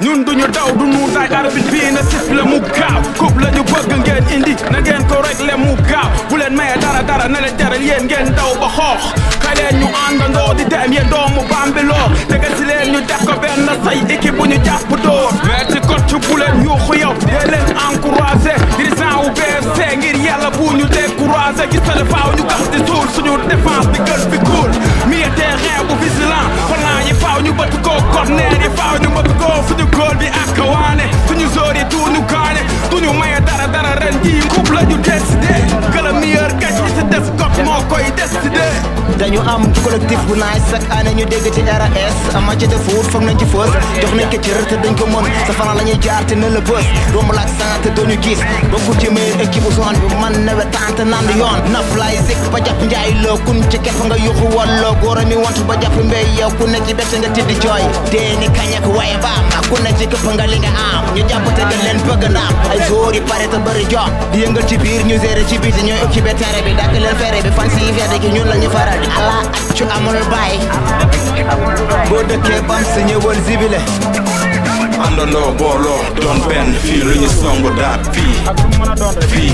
ñun duñu daw du nu Dakar bi bii na sif la mu gaaw coupe la ñu bëgg ngeen indi na ngeen ko rek le mu gaaw bu leen maye dara dara na leen jaral yéen ngeen daw ba xoox fexe leen ñu àndandoo di dem yéen doomu Bambilor jege si leen ñu def ko benn say équipe bu ñu jàpp door mais ci bu leen yuuxu yow dee leen encouragé dirigeant wu BFC ngir yàlla bu ñu découragé gisale faaw ñu gas di suul suñu défense bi gën bi kuul milieu terrain bu vigilant plan yi faaw ñu bëtt koo corner faaw ñu mbëtt koo suñu góol bi ak waane suñu sóor yi duñu gaane duñu maye dara dara ren jii coupe la ñu décidé que le meilleur gagne ci des gox dañu am collectif bu nice chaque année ñu ci RAS match de foot foog nañ ci fës jox nañ ko cër te dañ ko mën sa fana la ñuy jaar te ne la bës romb laak sant te duñu gis bokku ci meilleure équipe zone bi man newe tant nand yoon naf lay sik ba jàpp njaay loo kun ci kepp nga yuxu walloo góor mi wont ba jàpp mbéy yow ku ne ci bett nga tiddi jooy dee ni kañak waaye baam ku ne ci këpp nga li nga am ñu jàpp te gën leen bëgg naam ay góor pare te bëri di yëngal ci biir ñu géré ci biti ñooy occupé terrain bi dàkk leen fere bi fan si verde la allah accu amul bàyyi boo dëkkee bam sa ñëwal zibile àndandoo booloo doon benn fii lu ñu song daat fii fii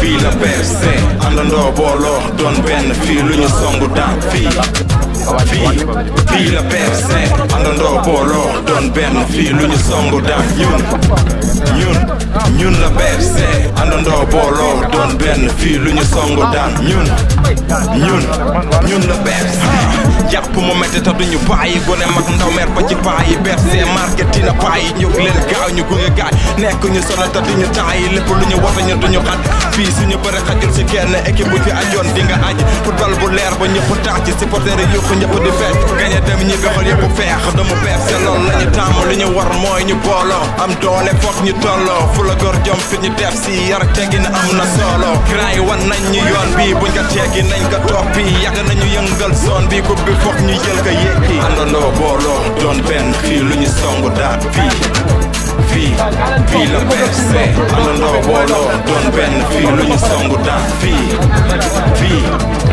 fii la PFC àndandoo booloo doon benn fii lu ñu song daat fii fii fii la PFC àndandoo booloo doon benn fii lu ñu song daat ñun ñun ñun la PFC àndandoo booloo benn fii lu ñu songu daan ñun ñun ñun la bees jàpp mu métti te duñu bàyyi gone mag ndaw mer ba ci paa yi bees see marketina paa yi jóg leen gaaw ñu gunge gaay nekk ñu sono te duñu taay lépp lu ñu watañu duñu xat fii suñu bëri xajul si kenn équipe bu ajoon di nga aj football bu leer ba ñëpp taax ci supporter yi yuuxu ñëpp di fees gañe dem ñi bexal yëpp feex damu bees te lool lañu tàmm lu ñu war mooy ñu booloo am doole foog ñu tolloo fu la gor jom def si yar tegin am na gaay wan nañ ñu yoon bi buñ ko teggi nañ ko toppi yàgg nañu yëngal zone bi ku bi foog ñu jël ko yëkki àndandoo booloo doon benn fii lu ñu song daat fii fii fii la BFC àndandoo booloo doon benn fii lu ñu song daat fii fii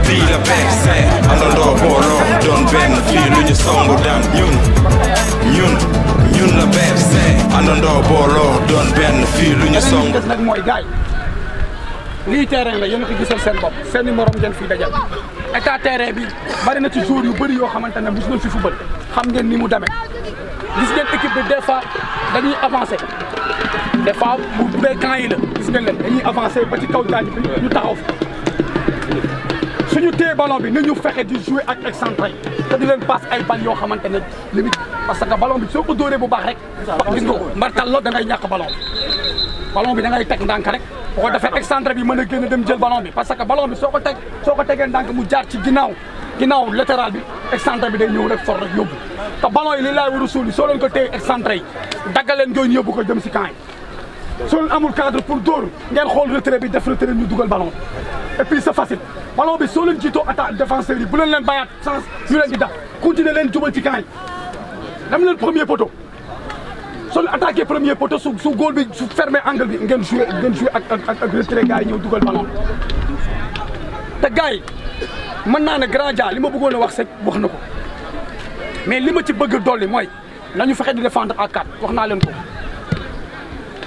fii la BFC àndandoo booloo doon benn fii lu ñu song daat ñun ñun ñun la BFC àndandoo booloo doon benn fii lu ñu song daat lii terrain la yéen a ko gisal seen bopp seen i morom ngeen fii dajal état terrain bi bari na ci jour yu bëri yoo xamante ne bis nañ fi football xam ngeen ni mu demee gis ngeen équipe bi des fois dañuy avancé des fois bu dee camp yi la gis ngeen leen dañuy avancé ba ci kaw jaaj bi ñu taxaw fi suñu téye ballon bi nañu fexe di jouer ak excentré te di leen passe ay bal yoo xamante ne limite parce que ballon bi soo ko dóoree bu baax rek. gis nga ko mbartal la da ngay ñàkk ballon bi ballon bi da ngay teg ndànk rek. bu ko defee excentré bi mën a génn dem jël ballon bi parce que ballon bi soo ko teg soo ko tegee ndànk mu jaar ci ginnaaw ginnaaw latéral bi excentré bi day ñëw rek for yóbbu te ballon yi li laay war a suul soo leen ko téye excentré yi daggal leen ngeen yóbbu ko jëm si camp yi soo leen amul cadre pour dóor ngeen xool retrait bi def retrait ñu dugal ballon et puis c'est facile bi soo leen jiitoo attaque défenseurs yi bu leen leen bàyyaat chance ñu leen di dàq continuer leen jubal ci camp yi dem leen premier soo attaqué premier poteau sous sous goal bi su fermé angle bi ngén jouer ngén jouer ak ak ak retiré gars yi ñëw ballon te gars yi na naa grand dia li ma bëggoon wax sëñ wax nako mais li ma ci bëgg doli moy nañu fexe di défendre à 4 wax naa leen ko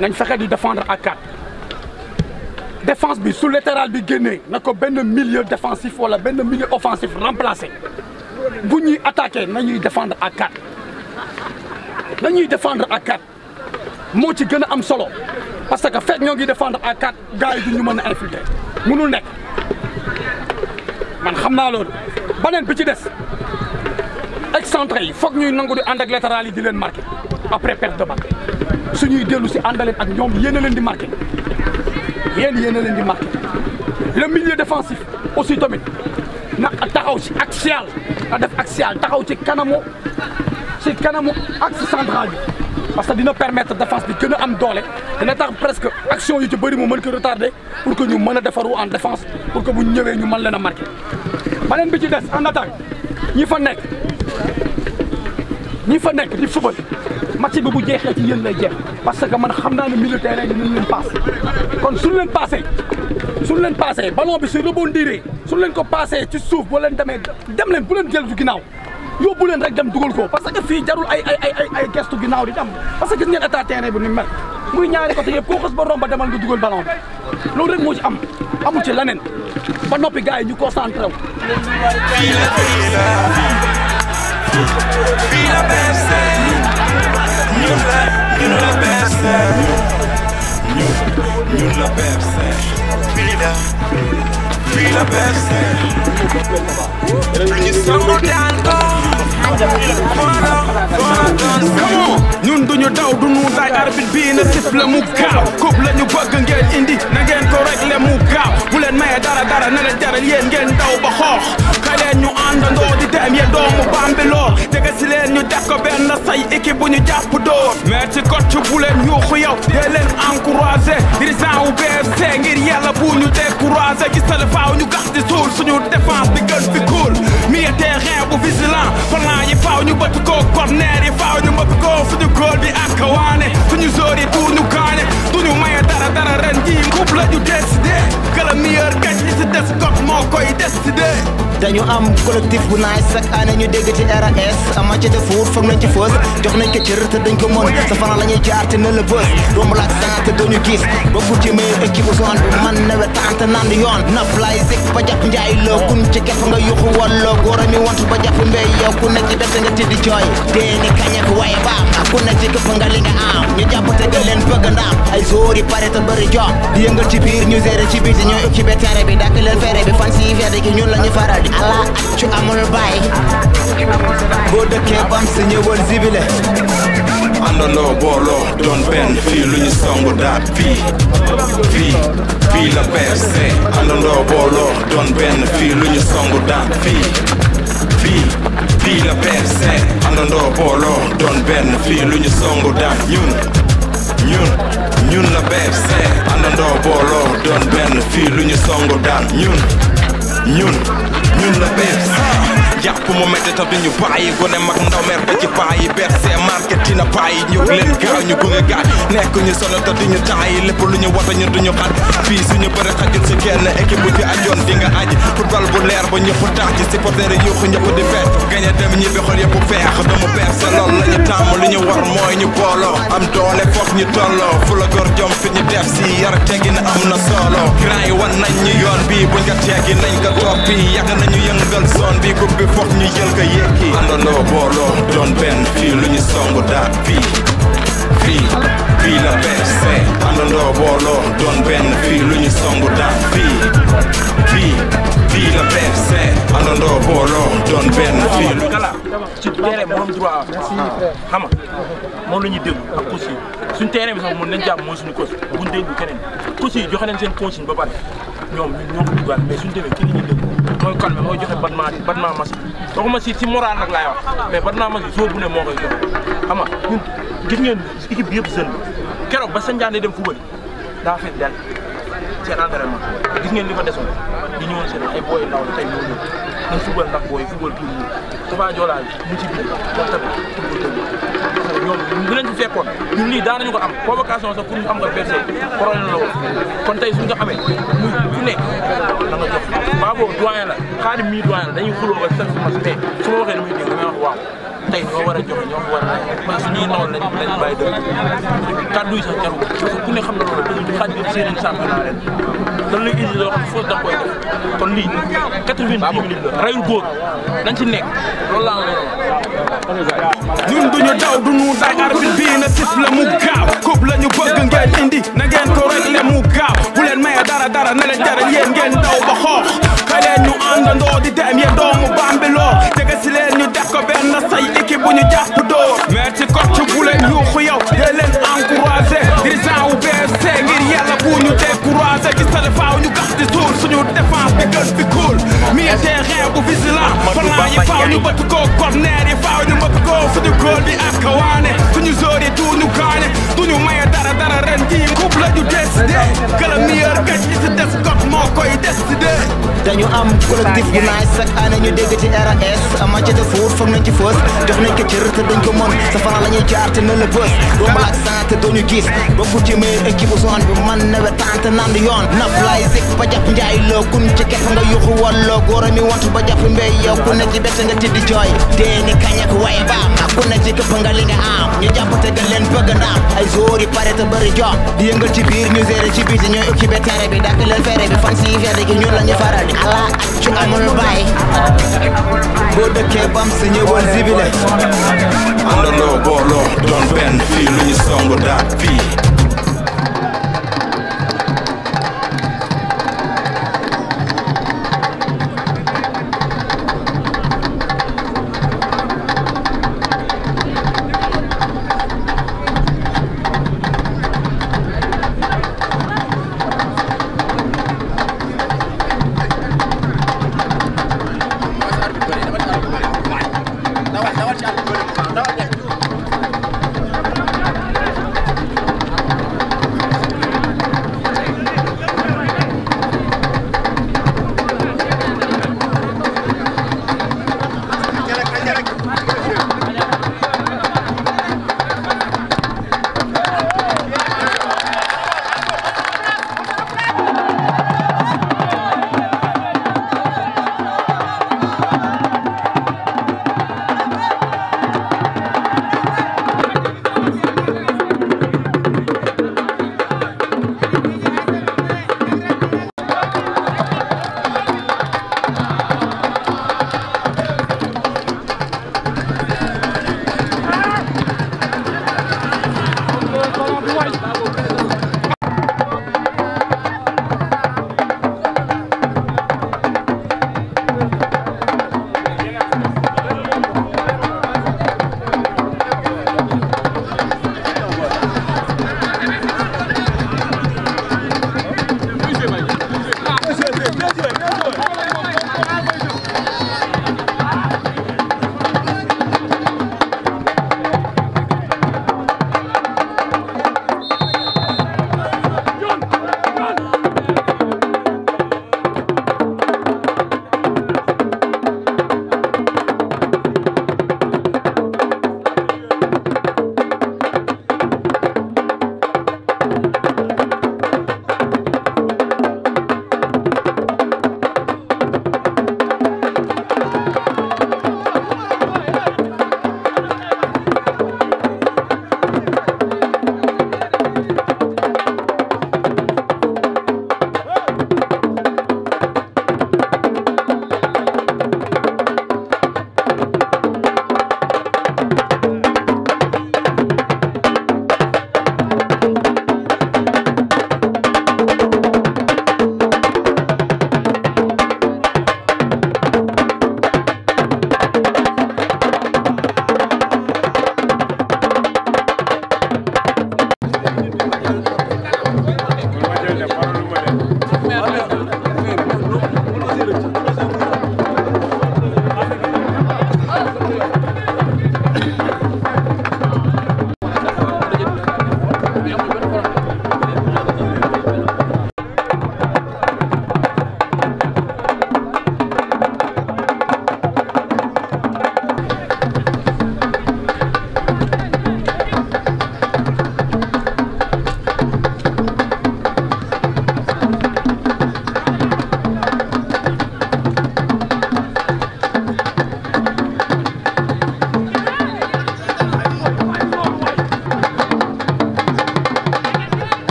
nañu fexe di défendre à 4 défense bi su latéral bi génné nako ko benn milieu défensif wala benn milieu offensif remplacer bu ñuy attaqué nañuy défendre à 4 nous défendre à quatre c'est ci parce que nous nous défendre à quatre gars yi du a infiltrer mënul nekk man xam Nous devons bi ci excentré Il faut ñuy nous Nous latéral yi di après perte de balle si nous ak a di a le milieu défensif aussi na taxaw si axial na def axial taxaw ci kanamu ci kanamu axe central bi parce que dina permettre de défense bi gën a am doole dina tax presque action yu ci bëri mu mën ko retarder pour que ñu mën a defaru en défense pour que bu ñëwee ñu mën leen a marqué. beneen bi ci des en attaque ñi fa nekk ñi fa nekk di fubal match bi bu jeexee ci yéen jeex parce que man xam naa ne militaire yi dinañ leen paase kon suñu leen paasee. sun len passé ballon bi su rebondiré sun len ko passé ci souf bo len demee dem len bu leen jël du ginnaaw yóbbu len rek dem dugul ko parce que fi jarul ay ay ay ay gestu ginaaw di dem parce que gis ngeen état terrain bu ni mel muy ñaari côté yëpp ko xoss ba romba demal nga dugul ballon bi rek mo ci am amu ci lanen ba nopi gaay ñu concentré wu. You're the best. Vida, vida best. Bring it some more down, ñun duñu daw du ñu daay arbitre bii na sif la mu gaaw coupe la ñu bëgg ngeen indi na ngeen ko rek le mu gaaw bu leen maye dara dara na leen jaral yéen ngeen daw ba xoox ka leen ñu àndandoo di dem yéen doomu bambi lool leen ñu def ko benn say équipe bu ñu jàpp door mais ci coach bu leen yuuxu yow dee leen encouragé dirigeant wu BFC ngir yàlla bu ñu découragé gisal faaw ñu gas di suul suñu défense bi gën fi kuul milieu terrain bu vigilant plan yi faaw ñu bëtt ko corner yi faaw ñu mbëpp ko suñu góol bi ak waane suñu joueur yi duñu gaañe duñu maye dara dara ren ji couple la ñu décidé que le meilleur des kot moo koy décidé dañu am collectif bu nice chaque année ñu dégg ci RAS ama ci defuur foog nañ ci fës jox nañ ko te dañ ko mën sa fana la ñuy jaar te ne la bës romb laaj sante duñu gis bokku ci meilleure équipe zone bi man newe tante nand yoon naf lay sik ba jàpp njaay loo kun ci kef nga yuxu walloo góor a mi want ba jàpp mbéy yow ku ne ci bett nga tiddi jooy dee ni kañek waaye baam ku ne ci te bëri jox di yëngal ci biir ñu gérer ci biti ñooy occupé terrain bi dàkk leen fere bi fan si fere gi ñun la faral di ala ci amul baay boo dëkkee bam si ñëwal zibile àndandoo booloo doon benn fii song daat fii la la ñun ñun ñun la bees àndandoo booloo doon benn fii lu ñu songu daan ñun ñun ñun la bees jàpp mu metti ta duñu bàyyi gone mag ndaw mer ba ci bàyyi berse market dina bàyyi ñëw leen gaaw ñu gunge gaay nekk ñu sono ta duñu tàyyi lépp lu wata ñu duñu xat fii suñu bëri xajul si kenn équipe bu fi ajoon di nga aji football bu leer ba ñëpp tax ci supporter yi yuuxu ñëpp feet gañe dem ñibbi xol yëpp feex dama perse lool lañu tàmm lu war mooy ñu booloo am doole foof ñu tolloo fu la góor ñu def si yar teggi na am na solo grand yi wan nañ yoon bi fokk ñu jël ko yekki àndandoo booloo doon benn fii lu ñu song daat fii fii fii la BFC àndandoo booloo doon benn fii lu ñu song daat fii fii fii la BFC àndandoo booloo doon benn fii lu ñu ci moom droit xam ñuy déglu suñ terrain bi sax mën nañ jàpp mooy suñu coach buñ déglu keneen coach yi joxe nañ seen consigne ba pare ñoom ñoo ko dugal mais suñ demee ki ni ñuy déglu mooy calme mooy joxe battement battement machine waxuma si si moral nag laay wax mais battement machine soo bu ne moo koy gis ngeen équipe bi yëpp jeune la keroog ba Sanjaan di dem fubali daa fekk dal seen gis ngeen li fa desoon di ñëwoon seen ay booy ndaw la tey ñoo ñëw nañ fubal ndax booy fubal kii bi Tapha Dola bi ñoom ñu leen ci fekkoon ñun lii daanañu ko am convocation sax pour am nga versé problème la woon kon tey suñ ko amee muy ku nekk da nga jox baa boobu doyen la xaadim mii doyen la dañuy xuloo ba mas mais su waxee ni muy dégg damay wax waaw tey ñoo war a joxe ñoo war a man suñuy noonu lañ lañ bàyyi doon kàddu yi sax jarul parce que ku ne xam na loolu xaaj bi séeréer sàmmal na leen lan lay loo xam fausse da kon lii quatre-vingt-dix minutes la ci nekk loolu laa ñun duñu daw duñu dagar bi gaaw coupe la ñu bëgg ngeen indi na ngeen ko réglé mu gaaw bu leen maye dara dara na leen tere yéen ngeen daw ba xoox xëy leen ñu àndandoo di dem yéen doomu bambiloo jege si leen ñu def ko benn say équipe bu ñu jàpp dóor mais ci coach bu leen yuuxu yow dee leen encouragé dirigeant wu BFC ngir yàlla bu ñu découragé ci sale faaw ñu gax di suur suñu défense bi gën bi cool milieu terrain bu vigilant plan yi faaw ñu bëtt ko corner yi faaw ñu mbëtt ko suñu góol bi ak kawaane suñu zóor yi duñu kaane duñu maye dara dara ren jii coupe la ñu décidé que le meilleur gagne ci si des got moo koy décidé dañu am collectif bu naaj chaque ñu dégg ci RAS match de foot foog nañ ci fës jox nañ ko te dañ ko mën sa fara la ñuy jaar te na la bës doomu laak sant te duñu gis bokku ci meilleure équipe zone bi man na tant nand yoon naf lay sik ba jàpp njaay loo kun ci kepp nga yuxu walloo góor mi wantu ba jàpp mbéy yow ku ne ci bett nga tiddi jooy dee ni kañak waye baam ku ne ci këpp leen bëgg naam I góor pare te di yëngal ci ñu ci bi leen fere bi fan si fere gi la ñu faral ala ci amul baay boo dëkkee bam sa ñëwoon zibile àndandoo booloo doon benn ñu song daat fii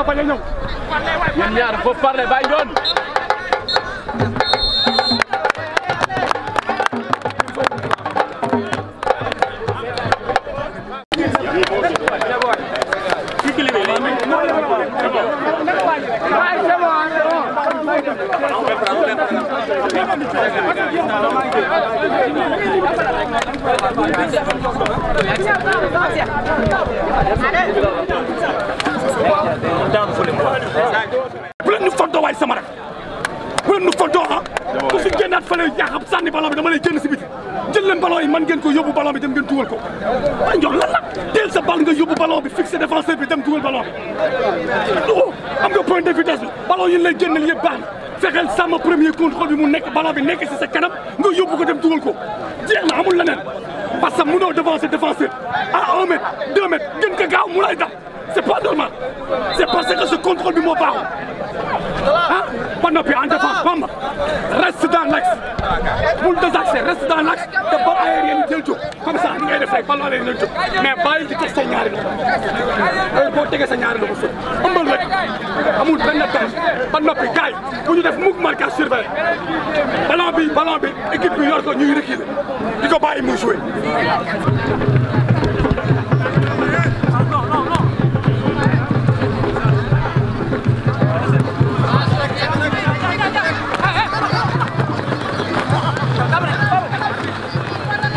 na bañ a ñëw. ñoom ñaar foofu parler bàyyi doon. Ada. bu leen ñu fontoo waay sama rak bu leen ñu fontoo ah ku fi génnaat fa lay jaaxab sànni ballon bi dama lay génn si biti jël leen ballon yi man ngeen ko yóbbu ballon bi dem ngeen dugal ko la teel sa bal nga yóbbu bi fixé défenseur bi dem dugal ballon bi am nga point de vitesse bi ballon yi lay génnal yëpp baax fexeel sama premier contrôle bi mu nekk ballon bi nekk si sa kanam nga yóbbu ko dem dugal ko jeex na amul leneen parce que mënoo devancer défenseur à un mètre deux mètres gën gaaw mu lay dab c'est pas normal c'est parce que ce contrôle bi moo baaxul ah ba noppi en défense Bamba reste dans l'axe bul désaxer reste dans l'axe te bal aérien yi jël jóg comme ça ni ngay def rek ballon aérien jóg mais bàyyi di teg sa ñaari loxo heure boo tegee sa ñaari loxo suuf ëmbal rek amul benn temps ba noppi gars yi bu ñu def mukk marquage surveillé ballon bi ballon bi équipe bi yor ko ñuy reculer di ko bàyyi muy jouer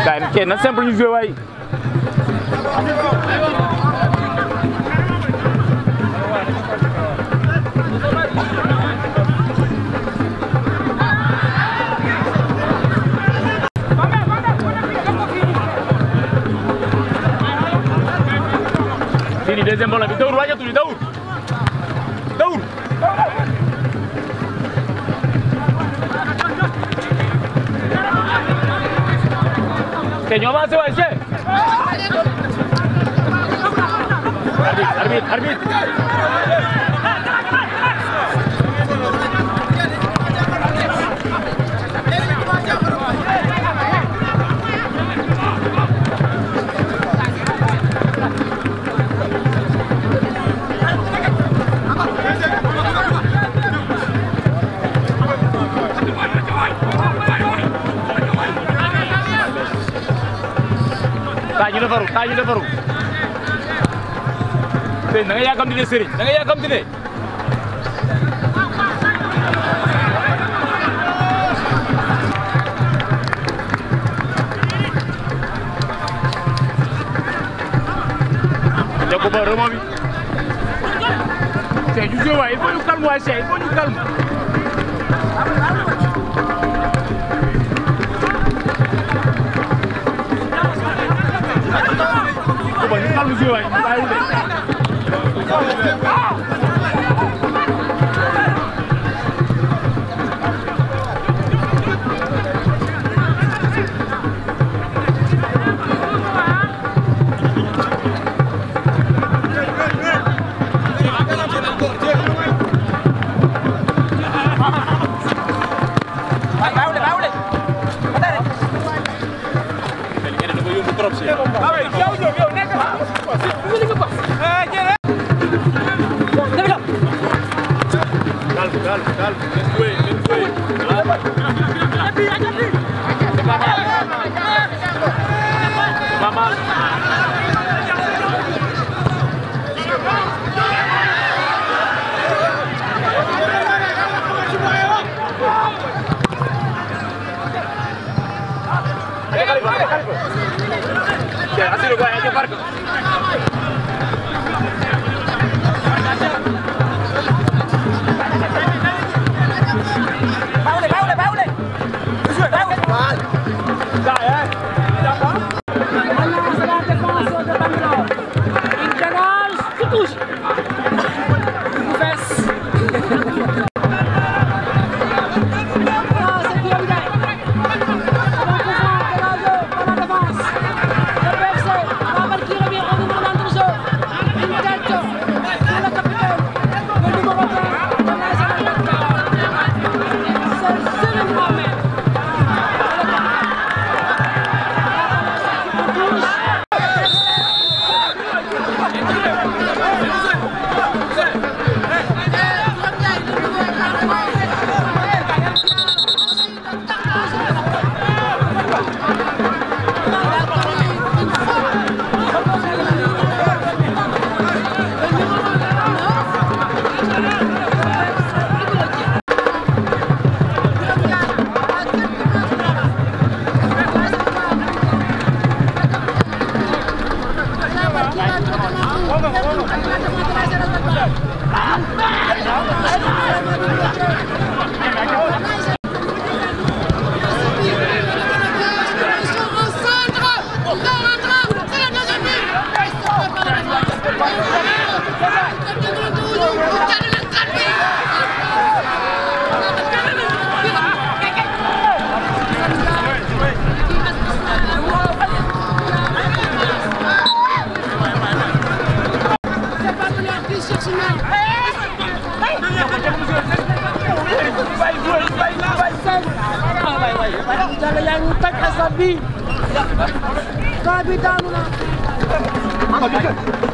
Gars yi kenn na simple ñu joué waay. Sini deuxième bola bi dawul waajal tuuti dawul. Señor, avance, avance. Arbit, arbit, arbit. ñu defaru té da nga yakam de sëriñ da nga yàkkamti de il faut nous calmer, il faut nous calmer. Coba ini kan lucu, Pak. Tahu deh. Thank you. Godby! Godby down on us!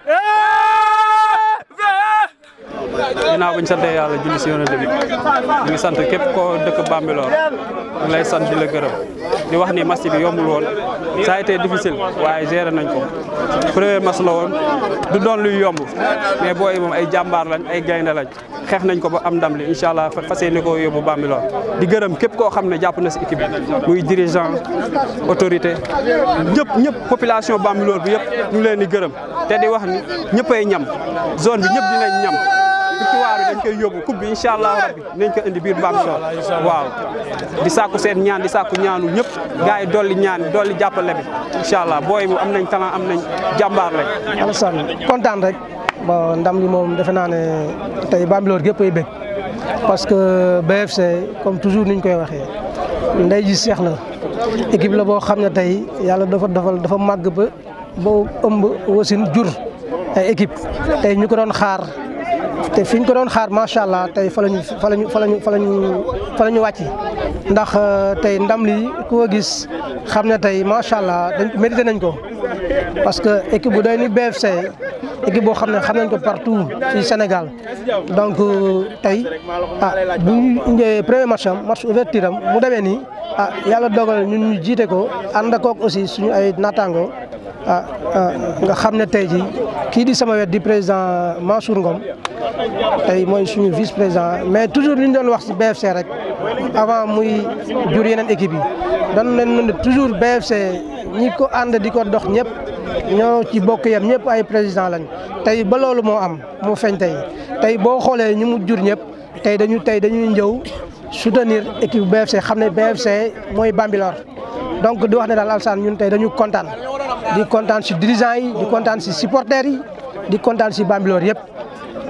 ginnaaw bañ sante yàlla julli si yonente bi ñu ngi sant képp koo dëkk Bambilor lay sant la gërëm di wax ni match bi yombul woon ça a waaye géré nañ ko premier match woon du doon luy yomb mais booy moom ay jàmbaar lañ ay gaynde lañ xeex nañ ko ba am ndam li incha allah fas yéene koo yóbbu Bambilor di gërëm képp koo xam ne jàpp na si équipe bi muy dirigeant autorité ñëpp ñëpp population Bambilor bi yëpp ñu leen di gërëm te di wax ni ñëppay ñam zone bi ñëpp dinañ ñam victoire bi dañ koy yóbbu coupe bi allah rabbi nañ ko indi biir Mbam Sow waaw di sàkku seen ñaan di ñaan ñaanu ñëpp gars yi dolli ñaan dolli jàppale bi incha allah booy bu am nañ talent am nañ jàmbaar rek. Alassane kontaan rek bon ndam li moom defe naa ne tey Bambilor gépp ay bëgg parce que BFC comme toujours niñ koy waxee ndey ji seex la équipe la boo xam ne tey yàlla dafa dafa dafa màgg ba ba ëmb wasin jur ay équipe tey ñu ko doon xaar. te fi ñu ko doon xaar macha allah tey fala lañu fa lañu fa lañu fa lañu fa lañu wàcc ndax euh, tey ndam li ko gis xam ne tey macha allah dañ mérité nañ ko parce que équipe bu doy ni BFC équipe boo xam ne xam nañ ko partout ci Sénégal donc euh, tey ah bu ñu premier match match ouverture mu demee nii ah yàlla dogal ñun ñu jiite ko ànd kook aussi suñu ay naataango. Ah, ah, nga xam ne tey ji kii di sama wet di président Mansour Ngom tey mooy suñu vice président mais toujours li ñu doon wax si BFC rek avant muy jur yeneen équipe yi dañu leen toujours BFC ñi ko ànd di ko dox ñëpp ñoo ci bokk yam ñëpp ay président lañ tey ba loolu moo am moo feeñ tey tey boo xoolee ñu mu jur ñëpp tey dañu tey dañuy njëw soutenir équipe BFC xam ne BFC mooy Bambilor donc di wax ne daal Alassane ñun tey dañu kontaan. di kontaan si dirigeant yi di kontaan si supporters yi di kontaan si Bambilor yëpp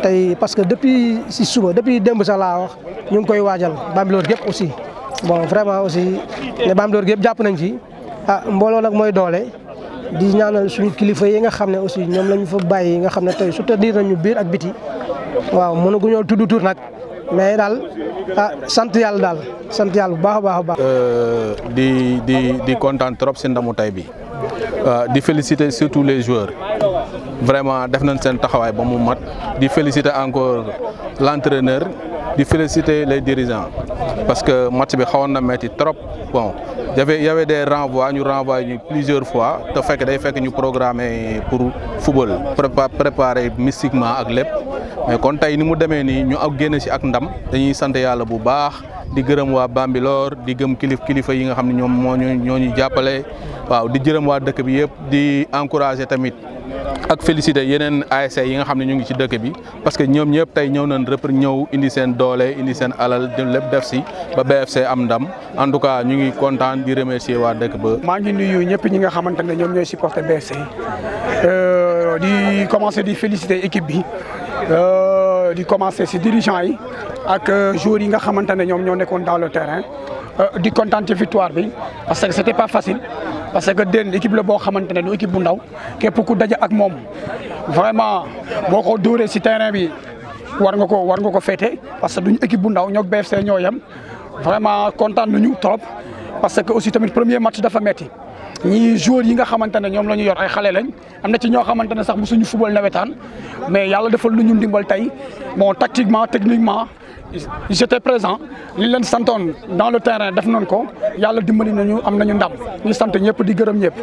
tey parce que depuis si suba depuis démb sax laa wax ñu ngi koy waajal Bambilor yëpp aussi bon vraiment aussi ne Bambilor yëpp jàpp nañ ci ah mbooloo nag mooy di ñaanal suñu kilifa yi nga xam ne aussi ñoom lañu fa bàyyi nga xam ne tey soutenir nañu biir ak biti waaw mënaguñoo tudd tur nak mais dal ah santial dal, santial, sant yàlla bu baax baax euh, di di di kontaan trop si ndamu bi. Euh, di féliciter surtout les joueurs vraiment def nañ sen taxaway ba mu mat di féliciter encore l'entraîneur di féliciter les dirigeants parce que match bi xawon na metti trop bon y avait des renvois ñu renvoyé ñu plusieurs fois te fekk day fekk ñu programmer pour football prépa préparer mystiquement ak lepp. mais kon tay ni mu démé ni ñu ak génn ci ak ndam dañuy santé Yalla bu baax di gërëm wa Bambilor di gëm kilif kilifa yi nga xamni ñom ñoom ñu ñoo ñu jappalé waaw di jërëm waa dëkk bi yëpp di encourager tamit ak féliciter yeneen ASC yi nga xam ne ñu ngi ci dëkk bi parce que ñoom ñëpp tey ñëw na rëpp ñëw indi seen doole indi seen alal lépp def si ba BFC am ndam en tout cas ñu ngi kontaan di remercier waa dëkk ba. maa ngi nuyu ñëpp ñi nga xamante ne ñoom ñooy supporter BFC euh, di commencer di féliciter équipe bi euh, di commencer si dirigeant yi ak joueurs yi nga xamante ne ñoom ñoo nekkoon dans le terrain. Euh, di kontaan ci victoire bi parce que c'était pas facile parce que den équipe le bo xamantene do équipe bu ndaw kep ku daje ak mom vraiment boko doré ci terrain bi war nga ko war nga ko fété parce que duñ équipe bu ndaw ñok BFC ñoo yem vraiment kontaan nañu trop parce que aussi tamit premier match dafa metti ñi joueur yi nga xamantene ñom lañu yor ay xalé lañ amna ci ño xamantene sax bu suñu football nawétane mais yalla defal lu ñu dimbal tay bon tactiquement techniquement j'étais présent li leen santoon dans le terrain def nañ ko yalla dimbali nañu am nañu ndam ñu sant ñep di gërëm ñep